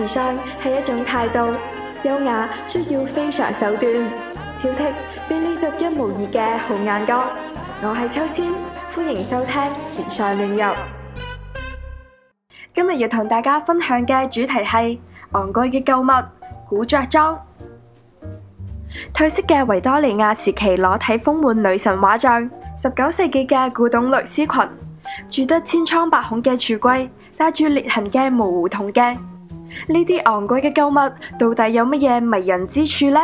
時尚係一種態度，優雅需要非常手段，挑剔，俾你獨一無二嘅好眼光。我係秋千，歡迎收聽時尚亂入。今日要同大家分享嘅主題係昂貴嘅舊物古着裝，褪色嘅維多利亞時期裸體豐滿女神畫像，十九世紀嘅古董蕾絲裙，住得千瘡百孔嘅櫥櫃，帶住裂痕嘅模糊銅鏡。呢啲昂貴嘅舊物到底有乜嘢迷人之處呢？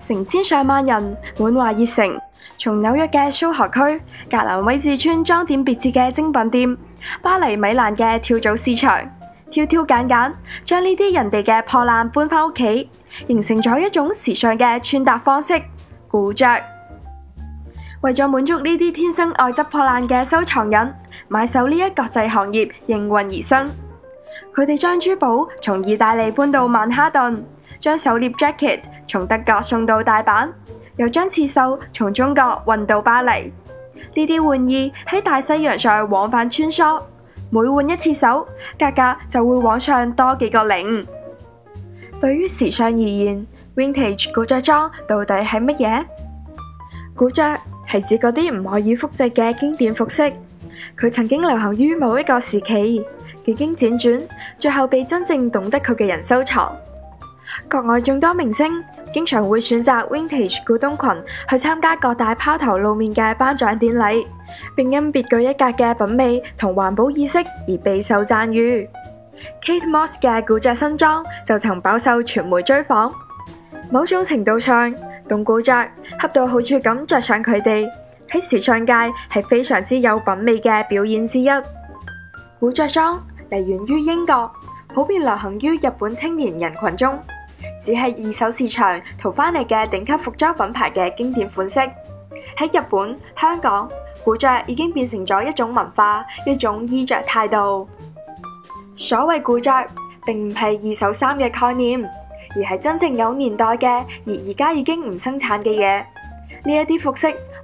成千上萬人滿懷熱誠，從紐約嘅蘇荷區、格林威治村裝點別緻嘅精品店，巴黎、米蘭嘅跳蚤市場，挑挑揀揀，將呢啲人哋嘅破爛搬翻屋企，形成咗一種時尚嘅穿搭方式。古着，為咗滿足呢啲天生愛執破爛嘅收藏人，買手呢一國際行業應運而生。佢哋將珠寶從意大利搬到曼哈頓，將狩獵 jacket 從德國送到大阪，又將刺繡從中國運到巴黎。呢啲玩意喺大西洋上往返穿梭，每換一次手，價格就會往上多幾個零。對於時尚而言，Vintage 古着裝到底係乜嘢？古着係指嗰啲唔可以複製嘅經典服飾，佢曾經流行於某一個時期。幾經輾轉，最後被真正懂得佢嘅人收藏。國外眾多明星經常會選擇 Vintage 古董裙去參加各大拋頭露面嘅頒獎典禮，並因別具一格嘅品味同環保意識而備受讚譽。Kate Moss 嘅古着新裝就曾飽受傳媒追訪。某種程度上，同古着恰到好處咁着上佢哋，喺時尚界係非常之有品味嘅表演之一。古着裝。來源於英國，普遍流行於日本青年人群中。只係二手市場淘翻嚟嘅頂級服裝品牌嘅經典款式，喺日本、香港，古着已經變成咗一種文化，一種衣着態度。所謂古着，並唔係二手衫嘅概念，而係真正有年代嘅，而而家已經唔生產嘅嘢。呢一啲服飾。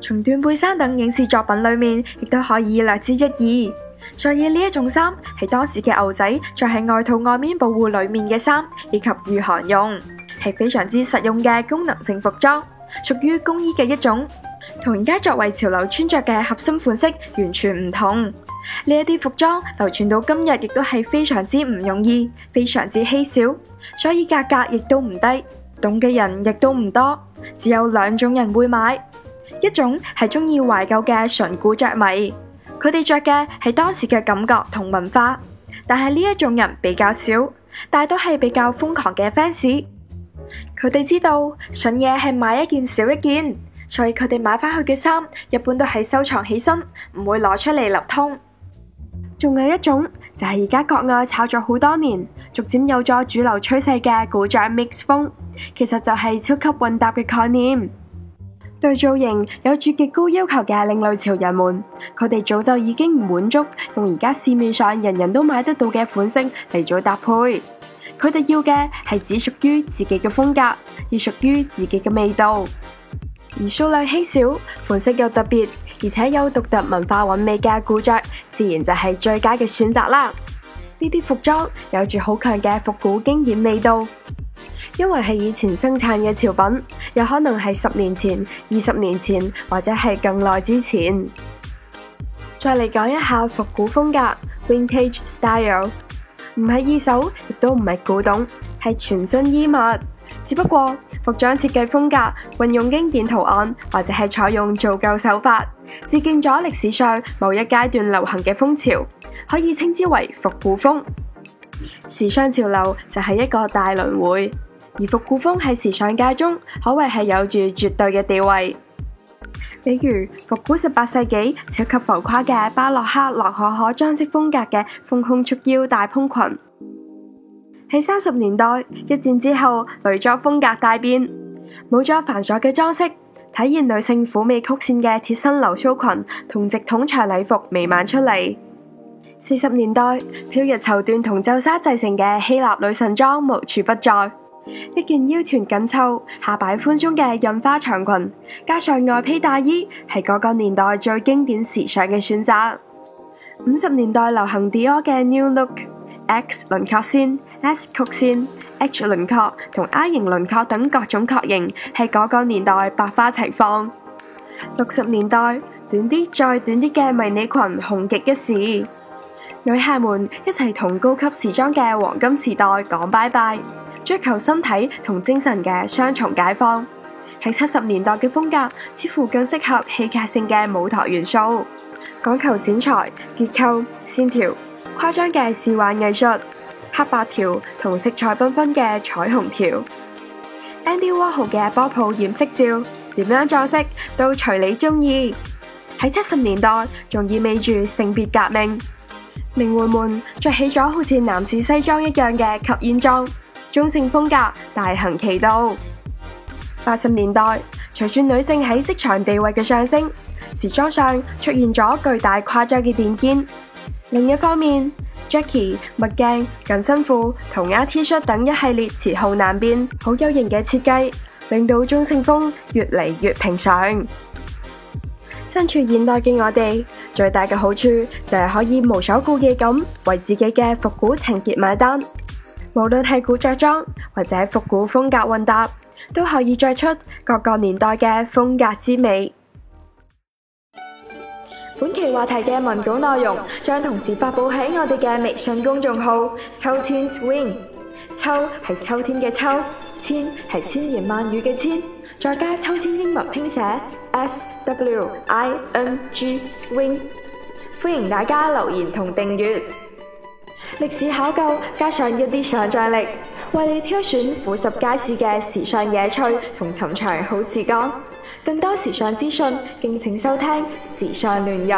從《斷背山》等影視作品裏面，亦都可以略知一二。所以呢一種衫係當時嘅牛仔，再喺外套外面保護裏面嘅衫，以及御寒用，係非常之實用嘅功能性服裝，屬於工衣嘅一種，同而家作為潮流穿着嘅核心款式完全唔同。呢一啲服裝流傳到今日，亦都係非常之唔容易，非常之稀少，所以價格亦都唔低，懂嘅人亦都唔多，只有兩種人會買。一種係中意懷舊嘅純古着迷，佢哋着嘅係當時嘅感覺同文化，但係呢一種人比較少，但都係比較瘋狂嘅 fans。佢哋知道純嘢係買一件少一件，所以佢哋買翻去嘅衫一般都係收藏起身，唔會攞出嚟流通。仲有一種就係而家國外炒作好多年，逐漸有咗主流趨勢嘅古着 mix 風，其實就係超級混搭嘅概念。對造型有住極高要求嘅另類潮人們，佢哋早就已經唔滿足用而家市面上人人都買得到嘅款式嚟做搭配，佢哋要嘅係只屬於自己嘅風格，而屬於自己嘅味道。而數量稀少、款式又特別，而且有獨特文化韻味嘅古着，自然就係最佳嘅選擇啦。呢啲服裝有住好強嘅復古經典味道。因為係以前生產嘅潮品，有可能係十年前、二十年前或者係更耐之前。再嚟講一下復古風格 （Vintage Style），唔係二手，亦都唔係古董，係全新衣物。只不過服裝設計風格運用經典圖案，或者係採用做舊手法，致敬咗歷史上某一階段流行嘅風潮，可以稱之為復古風。時尚潮流就係一個大輪迴。而復古風喺時尚界中可謂係有住絕對嘅地位，比如復古十八世紀超級浮誇嘅巴洛克、洛可可裝飾風格嘅豐胸束腰大蓬裙。喺三十年代一戰之後，女裝風格大變，冇咗繁瑣嘅裝飾，體現女性嫵媚曲線嘅貼身流蘇裙同直筒長禮服彌漫出嚟。四十年代飄逸綢緞同皺紗製成嘅希臘女神裝無處不在。一件腰臀緊湊、下擺寬鬆嘅印花長裙，加上外披大衣，係嗰個年代最經典時尚嘅選擇。五十年代流行 Dior 嘅 New Look，X 輪廓線、S 曲線、H 輪廓同 I 型輪廓等各種廓型，係嗰個年代百花齊放。六十年代，短啲再短啲嘅迷你裙紅極一時，女客們一齊同高級時裝嘅黃金時代講拜拜。追求身體同精神嘅雙重解放，喺七十年代嘅風格似乎更適合戲劇性嘅舞台元素，講求剪裁、結構、線條誇張嘅視幻藝術，黑白條同色彩繽紛嘅彩虹條。Andy Warhol 嘅波普染色照，點樣裝飾都隨你中意。喺七十年代仲意味住性別革命，名媛們着起咗好似男子西裝一樣嘅吸煙裝。中性風格大行其道。八十年代，隨住女性喺職場地位嘅上升，時裝上出現咗巨大誇張嘅墊肩。另一方面，Jackie 墨鏡、緊身褲塗鴉 T 恤等一系列雌雄難辨、好有型嘅設計，令到中性風越嚟越平常。身處現代嘅我哋，最大嘅好處就係可以無所顧忌咁為自己嘅復古情結買單。無論係古着裝或者復古風格混搭，都可以着出各個年代嘅風格之美。本期話題嘅文稿內容將同時發布喺我哋嘅微信公眾號“秋千 swing”，秋係秋天嘅秋，千係千言萬語嘅千，再加秋千英文拼寫 S W I N G swing，歡迎大家留言同訂閱。歷史考究加上一啲想象力，為你挑選俯拾皆是嘅時尚野趣同尋常好時光。更多時尚資訊，敬請收聽《時尚亂入》。